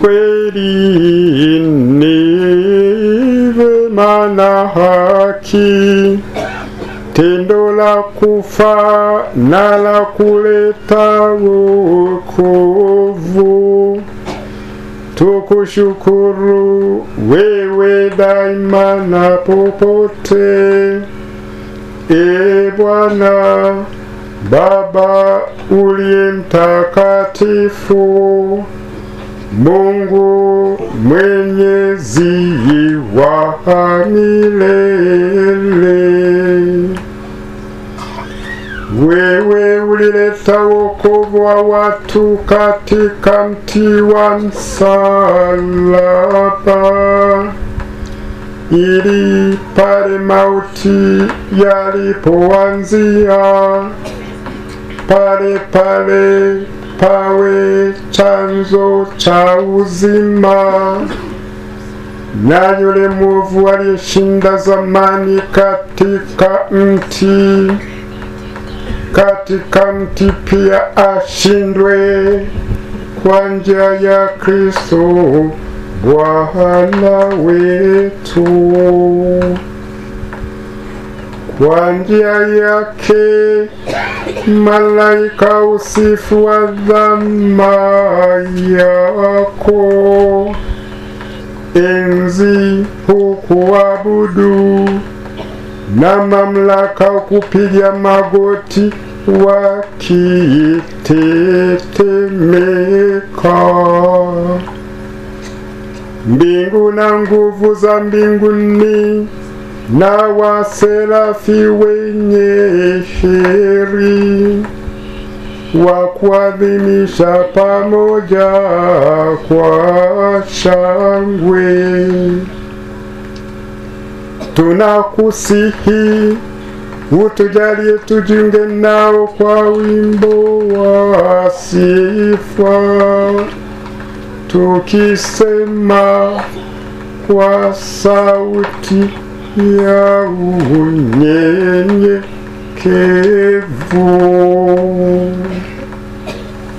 kweli ni maana haki tendo la kufa na la kuleta wokovu. Tukushukuru wewe daima na popote, e Bwana Baba uliye mtakatifu Mungu mwenyezi wa milele. Wewe ulileta wokovu wa watu katika mti wa msalaba, ili pale mauti yalipoanzia pale pale pawe chanzo cha uzima. Na yule mwovu aliyeshinda zamani katika mti, katika mti pia ashindwe kwa njia ya Kristo Bwana wetu. Kwa njia yake malaika usifu wa dhama yako, enzi hukuabudu na mamlaka kupiga magoti wakitetemeka. Mbingu na nguvu za mbinguni na waserafi wenye heri wa kuadhimisha pamoja kwa shangwe, tunakusihi utujalie tujunge nao kwa wimbo wa sifa tukisema kwa sauti ya unyenyekevu.